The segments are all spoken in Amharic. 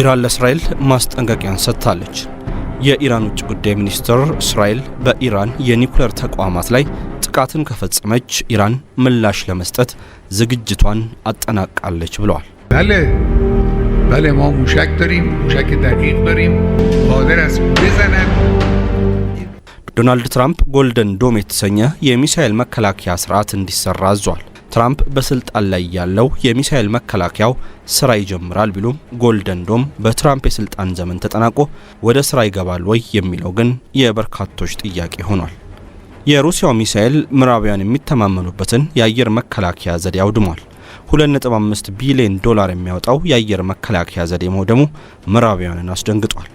ኢራን ለእስራኤል ማስጠንቀቂያን ሰጥታለች። የኢራን ውጭ ጉዳይ ሚኒስትር እስራኤል በኢራን የኒኩሌር ተቋማት ላይ ጥቃትን ከፈጸመች ኢራን ምላሽ ለመስጠት ዝግጅቷን አጠናቃለች ብለዋል። ዶናልድ ትራምፕ ጎልደን ዶም የተሰኘ የሚሳኤል መከላከያ ስርዓት እንዲሰራ አዟል። ትራምፕ በስልጣን ላይ ያለው የሚሳኤል መከላከያው ስራ ይጀምራል ቢሉም ጎልደን ዶም በትራምፕ የስልጣን ዘመን ተጠናቆ ወደ ስራ ይገባል ወይ የሚለው ግን የበርካቶች ጥያቄ ሆኗል። የሩሲያው ሚሳኤል ምዕራባውያን የሚተማመኑበትን የአየር መከላከያ ዘዴ አውድሟል። 2.5 ቢሊዮን ዶላር የሚያወጣው የአየር መከላከያ ዘዴ መውደሙ ምዕራባውያንን አስደንግጧል።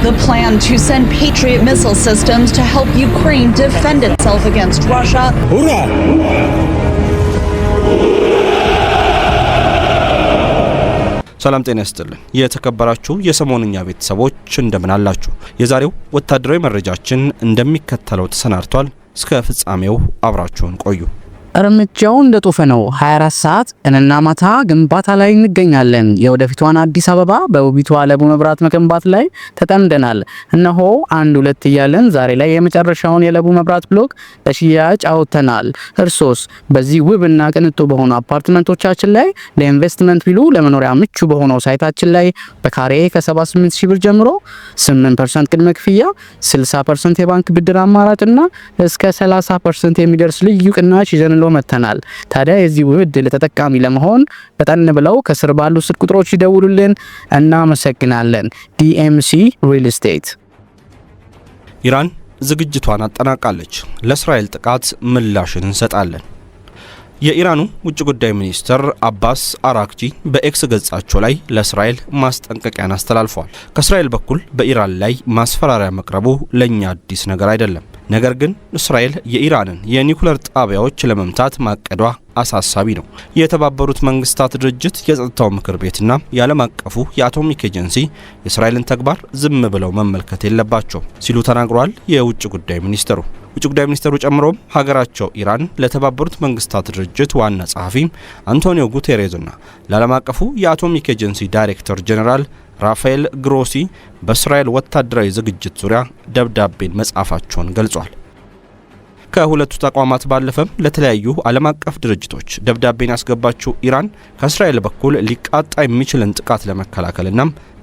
The plan to send Patriot missile systems to help Ukraine defend itself against Russia. ሰላም ጤና ይስጥልን። የተከበራችሁ የሰሞንኛ ቤተሰቦች እንደምን አላችሁ? የዛሬው ወታደራዊ መረጃችን እንደሚከተለው ተሰናድቷል። እስከ ፍጻሜው አብራችሁን ቆዩ። እርምጃው እንደጦፈ ነው። 24 ሰዓት ቀንና ማታ ግንባታ ላይ እንገኛለን። የወደፊቷን አዲስ አበባ በውቢቷ ለቡ መብራት መገንባት ላይ ተጠምደናል። እነሆ አንድ ሁለት እያለን ዛሬ ላይ የመጨረሻውን የለቡ መብራት ብሎክ ለሽያጭ አውጥተናል። እርሶስ በዚህ ውብ እና ቅንጡ በሆኑ አፓርትመንቶቻችን ላይ ለኢንቨስትመንት ቢሉ ለመኖሪያ ምቹ በሆነው ሳይታችን ላይ በካሬ ከ78 ሺ ብር ጀምሮ 8% ቅድመ ክፍያ 60% የባንክ ብድር አማራጭና እስከ 30% የሚደርስ ልዩ ቅናሽ ይዘንሎ መጥተናል። ታዲያ የዚህ ውድ ለተጠቃሚ ለመሆን ፈጠን ብለው ከስር ባሉ ስልክ ቁጥሮች ይደውሉልን። እናመሰግናለን። ዲኤምሲ ሪል ስቴት። ኢራን ዝግጅቷን አጠናቃለች። ለእስራኤል ጥቃት ምላሽን እንሰጣለን። የኢራኑ ውጭ ጉዳይ ሚኒስትር አባስ አራክጂ በኤክስ ገጻቸው ላይ ለእስራኤል ማስጠንቀቂያን አስተላልፈዋል። ከእስራኤል በኩል በኢራን ላይ ማስፈራሪያ መቅረቡ ለእኛ አዲስ ነገር አይደለም። ነገር ግን እስራኤል የኢራንን የኒኩለር ጣቢያዎች ለመምታት ማቀዷ አሳሳቢ ነው። የተባበሩት መንግስታት ድርጅት የጸጥታው ምክር ቤትና የዓለም አቀፉ የአቶሚክ ኤጀንሲ የእስራኤልን ተግባር ዝም ብለው መመልከት የለባቸው ሲሉ ተናግሯል የውጭ ጉዳይ ሚኒስትሩ ውጭ ጉዳይ ሚኒስትሩ ጨምሮም ሀገራቸው ኢራን ለተባበሩት መንግስታት ድርጅት ዋና ጸሐፊ አንቶኒዮ ጉቴሬዝና ለዓለም አቀፉ የአቶሚክ ኤጀንሲ ዳይሬክተር ጄኔራል ራፋኤል ግሮሲ በእስራኤል ወታደራዊ ዝግጅት ዙሪያ ደብዳቤን መጻፋቸውን ገልጿል። ከሁለቱ ተቋማት ባለፈም ለተለያዩ ዓለም አቀፍ ድርጅቶች ደብዳቤን ያስገባችው ኢራን ከእስራኤል በኩል ሊቃጣ የሚችልን ጥቃት ለመከላከልና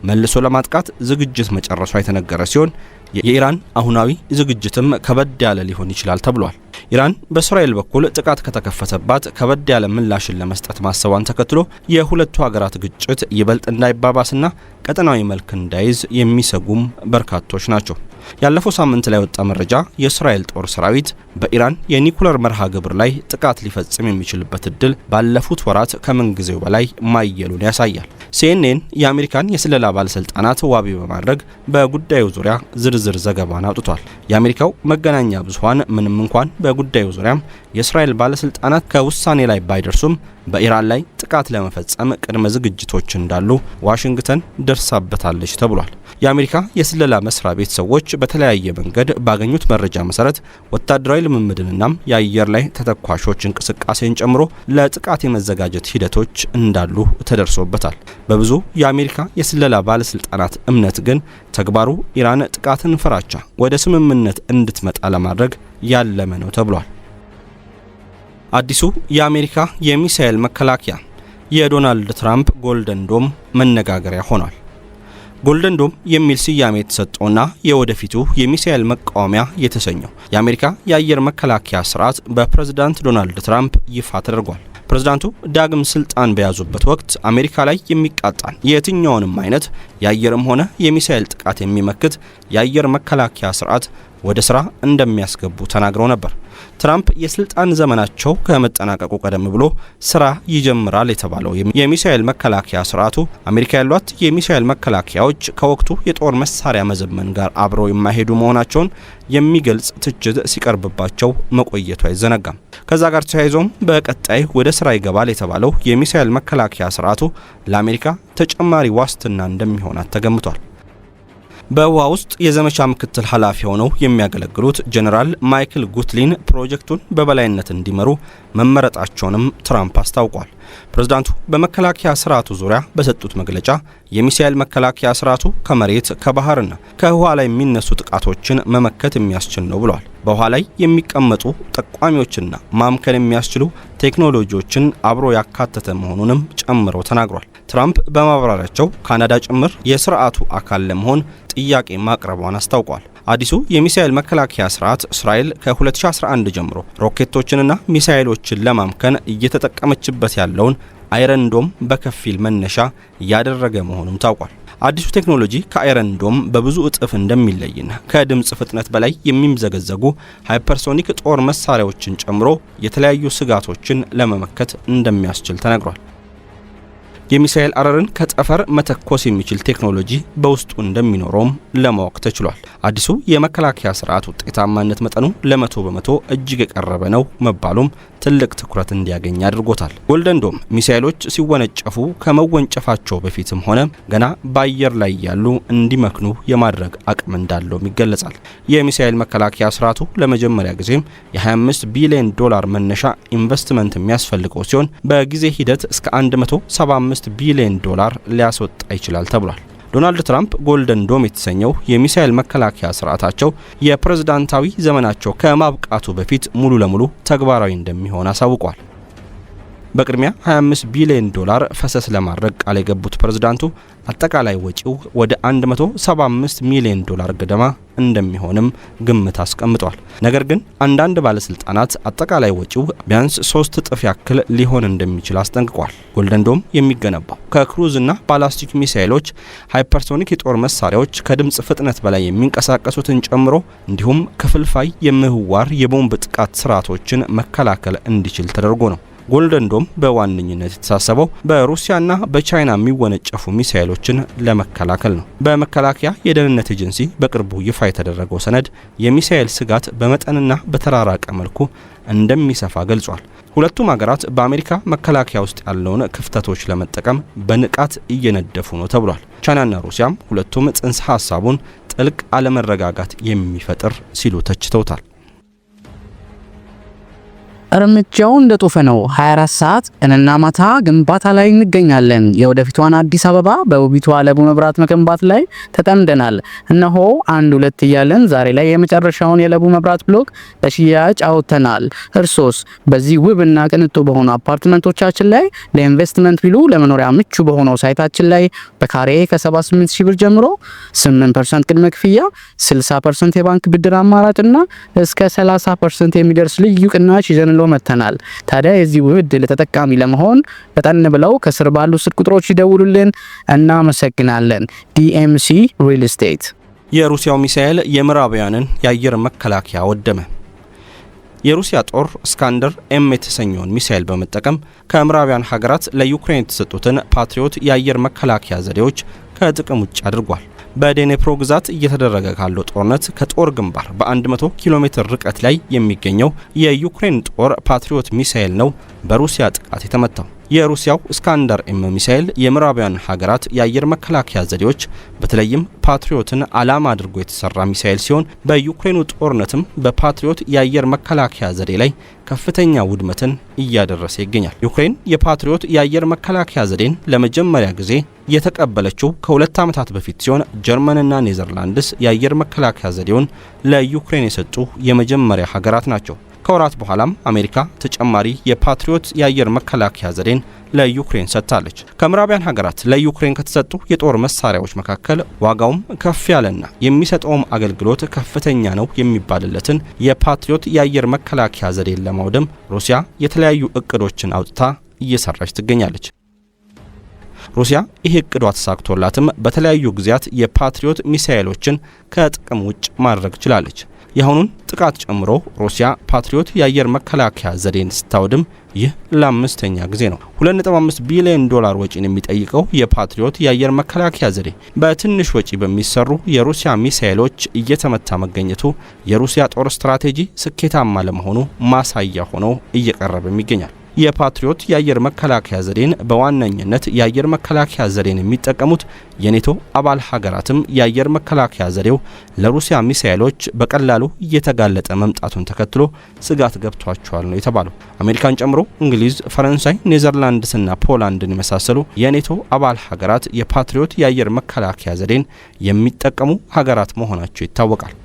መልሶ ለማጥቃት ዝግጅት መጨረሷ የተነገረ ሲሆን የኢራን አሁናዊ ዝግጅትም ከበድ ያለ ሊሆን ይችላል ተብሏል። ኢራን በእስራኤል በኩል ጥቃት ከተከፈተባት ከበድ ያለ ምላሽን ለመስጠት ማሰቧን ተከትሎ የሁለቱ ሀገራት ግጭት ይበልጥ እንዳይባባስና ቀጠናዊ መልክ እንዳይዝ የሚሰጉም በርካቶች ናቸው። ያለፈው ሳምንት ላይ ወጣ መረጃ የእስራኤል ጦር ሰራዊት በኢራን የኒኩለር መርሃ ግብር ላይ ጥቃት ሊፈጽም የሚችልበት እድል ባለፉት ወራት ከምንጊዜው በላይ ማየሉን ያሳያል። ሲኤንኤን የአሜሪካን የስለላ ባለስልጣናት ዋቢ በማድረግ በጉዳዩ ዙሪያ ዝርዝር ዘገባን አውጥቷል። የአሜሪካው መገናኛ ብዙሀን ምንም እንኳን በጉዳዩ ዙሪያም የእስራኤል ባለስልጣናት ከውሳኔ ላይ ባይደርሱም በኢራን ላይ ጥቃት ለመፈጸም ቅድመ ዝግጅቶች እንዳሉ ዋሽንግተን ደርሳበታለች ተብሏል። የአሜሪካ የስለላ መስሪያ ቤት ሰዎች በተለያየ መንገድ ባገኙት መረጃ መሰረት ወታደራዊ ልምምድንና የአየር ላይ ተተኳሾች እንቅስቃሴን ጨምሮ ለጥቃት የመዘጋጀት ሂደቶች እንዳሉ ተደርሶበታል። በብዙ የአሜሪካ የስለላ ባለስልጣናት እምነት ግን ተግባሩ ኢራን ጥቃትን ፈራቻ ወደ ስምምነት እንድትመጣ ለማድረግ ያለመ ነው ተብሏል። አዲሱ የአሜሪካ የሚሳኤል መከላከያ የዶናልድ ትራምፕ ጎልደን ዶም መነጋገሪያ ሆኗል። ጎልደን ዶም የሚል ስያሜ የተሰጠውና የወደፊቱ የሚሳኤል መቃወሚያ የተሰኘው የአሜሪካ የአየር መከላከያ ስርዓት በፕሬዝዳንት ዶናልድ ትራምፕ ይፋ ተደርጓል። ፕሬዝዳንቱ ዳግም ስልጣን በያዙበት ወቅት አሜሪካ ላይ የሚቃጣን የትኛውንም አይነት የአየርም ሆነ የሚሳኤል ጥቃት የሚመክት የአየር መከላከያ ስርዓት ወደ ስራ እንደሚያስገቡ ተናግረው ነበር። ትራምፕ የስልጣን ዘመናቸው ከመጠናቀቁ ቀደም ብሎ ስራ ይጀምራል የተባለው የሚሳኤል መከላከያ ስርዓቱ አሜሪካ ያሏት የሚሳኤል መከላከያዎች ከወቅቱ የጦር መሳሪያ መዘመን ጋር አብረው የማይሄዱ መሆናቸውን የሚገልጽ ትችት ሲቀርብባቸው መቆየቱ አይዘነጋም። ከዛ ጋር ተያይዞም በቀጣይ ወደ ስራ ይገባል የተባለው የሚሳኤል መከላከያ ስርዓቱ ለአሜሪካ ተጨማሪ ዋስትና እንደሚሆናት ተገምቷል። በውሃ ውስጥ የዘመቻ ምክትል ኃላፊ ሆነው የሚያገለግሉት ጀኔራል ማይክል ጉትሊን ፕሮጀክቱን በበላይነት እንዲመሩ መመረጣቸውንም ትራምፕ አስታውቋል። ፕሬዝዳንቱ በመከላከያ ስርዓቱ ዙሪያ በሰጡት መግለጫ የሚሳኤል መከላከያ ስርዓቱ ከመሬት ከባህርና ከውሃ ላይ የሚነሱ ጥቃቶችን መመከት የሚያስችል ነው ብለዋል። በውሃ ላይ የሚቀመጡ ጠቋሚዎችና ማምከን የሚያስችሉ ቴክኖሎጂዎችን አብሮ ያካተተ መሆኑንም ጨምረው ተናግሯል። ትራምፕ በማብራሪያቸው ካናዳ ጭምር የስርዓቱ አካል ለመሆን ጥያቄ ማቅረቧን አስታውቋል። አዲሱ የሚሳኤል መከላከያ ስርዓት እስራኤል ከ2011 ጀምሮ ሮኬቶችንና ሚሳኤሎችን ለማምከን እየተጠቀመችበት ያለውን አይረንዶም በከፊል መነሻ ያደረገ መሆኑም ታውቋል። አዲሱ ቴክኖሎጂ ከአይረንዶም በብዙ እጥፍ እንደሚለይና ከድምፅ ፍጥነት በላይ የሚምዘገዘጉ ሃይፐርሶኒክ ጦር መሳሪያዎችን ጨምሮ የተለያዩ ስጋቶችን ለመመከት እንደሚያስችል ተነግሯል። የሚሳኤል አረርን ከጠፈር መተኮስ የሚችል ቴክኖሎጂ በውስጡ እንደሚኖረውም ለማወቅ ተችሏል። አዲሱ የመከላከያ ስርዓት ውጤታማነት መጠኑ ለመቶ በመቶ እጅግ የቀረበ ነው መባሉም ትልቅ ትኩረት እንዲያገኝ አድርጎታል። ጎልደን ዶም ሚሳኤሎች ሲወነጨፉ ከመወንጨፋቸው በፊትም ሆነ ገና በአየር ላይ ያሉ እንዲመክኑ የማድረግ አቅም እንዳለውም ይገለጻል። የሚሳኤል መከላከያ ስርዓቱ ለመጀመሪያ ጊዜም የ25 ቢሊዮን ዶላር መነሻ ኢንቨስትመንት የሚያስፈልገው ሲሆን በጊዜ ሂደት እስከ 175 15 ቢሊዮን ዶላር ሊያስወጣ ይችላል ተብሏል። ዶናልድ ትራምፕ ጎልደን ዶም የተሰኘው የሚሳኤል መከላከያ ስርዓታቸው የፕሬዝዳንታዊ ዘመናቸው ከማብቃቱ በፊት ሙሉ ለሙሉ ተግባራዊ እንደሚሆን አሳውቋል። በቅድሚያ 25 ቢሊዮን ዶላር ፈሰስ ለማድረግ ቃል የገቡት ፕሬዝዳንቱ አጠቃላይ ወጪው ወደ 175 ሚሊዮን ዶላር ገደማ እንደሚሆንም ግምት አስቀምጧል። ነገር ግን አንዳንድ ባለስልጣናት አጠቃላይ ወጪው ቢያንስ ሶስት እጥፍ ያክል ሊሆን እንደሚችል አስጠንቅቋል። ጎልደንዶም የሚገነባው ከክሩዝ እና ባላስቲክ ሚሳይሎች፣ ሃይፐርሶኒክ የጦር መሳሪያዎች፣ ከድምፅ ፍጥነት በላይ የሚንቀሳቀሱትን ጨምሮ እንዲሁም ክፍልፋይ የምህዋር የቦምብ ጥቃት ስርዓቶችን መከላከል እንዲችል ተደርጎ ነው። ጎልደን ዶም በዋነኝነት የተሳሰበው በሩሲያና በቻይና የሚወነጨፉ ሚሳይሎችን ለመከላከል ነው። በመከላከያ የደህንነት ኤጀንሲ በቅርቡ ይፋ የተደረገው ሰነድ የሚሳኤል ስጋት በመጠንና በተራራቀ መልኩ እንደሚሰፋ ገልጿል። ሁለቱም ሀገራት በአሜሪካ መከላከያ ውስጥ ያለውን ክፍተቶች ለመጠቀም በንቃት እየነደፉ ነው ተብሏል። ቻይናና ሩሲያም ሁለቱም ጽንሰ ሀሳቡን ጥልቅ አለመረጋጋት የሚፈጥር ሲሉ ተችተውታል። እርምጃው ጦፈ ነው። 24 ሰዓት ቀንና ማታ ግንባታ ላይ እንገኛለን። የወደፊቷን አዲስ አበባ በውቢቷ ለቡ መብራት መገንባት ላይ ተጠምደናል። እነሆ አንድ ሁለት እያለን ዛሬ ላይ የመጨረሻውን የለቡ መብራት ብሎክ ለሽያጭ አውጥተናል። እርሶስ በዚህ ውብ እና ቅንጡ በሆኑ አፓርትመንቶቻችን ላይ ለኢንቨስትመንት ቢሉ ለመኖሪያ ምቹ በሆነው ሳይታችን ላይ በካሬ ከ78 ሺህ ብር ጀምሮ 8% ቅድመ ክፍያ፣ 60% የባንክ ብድር አማራጭና እስከ 30% የሚደርስ ልዩ ቅናሽ ይዘን ይዘንሎ መጥተናል። ታዲያ የዚህ ውድ ለተጠቃሚ ለመሆን ፈጠን ብለው ከስር ባሉ ስልክ ቁጥሮች ይደውሉልን። እናመሰግናለን። ዲኤምሲ ሪል ስቴት። የሩሲያው ሚሳኤል የምዕራባውያንን የአየር መከላከያ ወደመ። የሩሲያ ጦር እስካንደር ኤም የተሰኘውን ሚሳኤል በመጠቀም ከምዕራባውያን ሀገራት ለዩክሬን የተሰጡትን ፓትሪዮት የአየር መከላከያ ዘዴዎች ከጥቅም ውጭ አድርጓል። በዴኔፕሮ ግዛት እየተደረገ ካለው ጦርነት ከጦር ግንባር በ100 ኪሎ ሜትር ርቀት ላይ የሚገኘው የዩክሬን ጦር ፓትሪዮት ሚሳኤል ነው በሩሲያ ጥቃት የተመታው። የሩሲያው እስካንዳር ኤም ሚሳኤል የምዕራባውያን ሀገራት የአየር መከላከያ ዘዴዎች በተለይም ፓትሪዮትን ዓላማ አድርጎ የተሰራ ሚሳኤል ሲሆን በዩክሬኑ ጦርነትም በፓትሪዮት የአየር መከላከያ ዘዴ ላይ ከፍተኛ ውድመትን እያደረሰ ይገኛል። ዩክሬን የፓትሪዮት የአየር መከላከያ ዘዴን ለመጀመሪያ ጊዜ የተቀበለችው ከሁለት ዓመታት በፊት ሲሆን ጀርመንና ኔዘርላንድስ የአየር መከላከያ ዘዴውን ለዩክሬን የሰጡ የመጀመሪያ ሀገራት ናቸው። ከወራት በኋላም አሜሪካ ተጨማሪ የፓትሪዮት የአየር መከላከያ ዘዴን ለዩክሬን ሰጥታለች። ከምዕራቢያን ሀገራት ለዩክሬን ከተሰጡ የጦር መሳሪያዎች መካከል ዋጋውም ከፍ ያለና የሚሰጠውም አገልግሎት ከፍተኛ ነው የሚባልለትን የፓትሪዮት የአየር መከላከያ ዘዴን ለማውደም ሩሲያ የተለያዩ እቅዶችን አውጥታ እየሰራች ትገኛለች። ሩሲያ ይህ እቅዷ ተሳክቶላትም በተለያዩ ጊዜያት የፓትሪዮት ሚሳኤሎችን ከጥቅም ውጭ ማድረግ ችላለች። የአሁኑን ጥቃት ጨምሮ ሩሲያ ፓትሪዮት የአየር መከላከያ ዘዴን ስታወድም ይህ ለአምስተኛ ጊዜ ነው። 2.5 ቢሊዮን ዶላር ወጪን የሚጠይቀው የፓትሪዮት የአየር መከላከያ ዘዴ በትንሽ ወጪ በሚሰሩ የሩሲያ ሚሳኤሎች እየተመታ መገኘቱ የሩሲያ ጦር ስትራቴጂ ስኬታማ ለመሆኑ ማሳያ ሆነው እየቀረበም ይገኛል። የፓትሪዮት የአየር መከላከያ ዘዴን በዋነኝነት የአየር መከላከያ ዘዴን የሚጠቀሙት የኔቶ አባል ሀገራትም የአየር መከላከያ ዘዴው ለሩሲያ ሚሳኤሎች በቀላሉ እየተጋለጠ መምጣቱን ተከትሎ ስጋት ገብቷቸዋል ነው የተባለው። አሜሪካን ጨምሮ እንግሊዝ፣ ፈረንሳይ፣ ኔዘርላንድስና ፖላንድን የመሳሰሉ የኔቶ አባል ሀገራት የፓትሪዮት የአየር መከላከያ ዘዴን የሚጠቀሙ ሀገራት መሆናቸው ይታወቃል።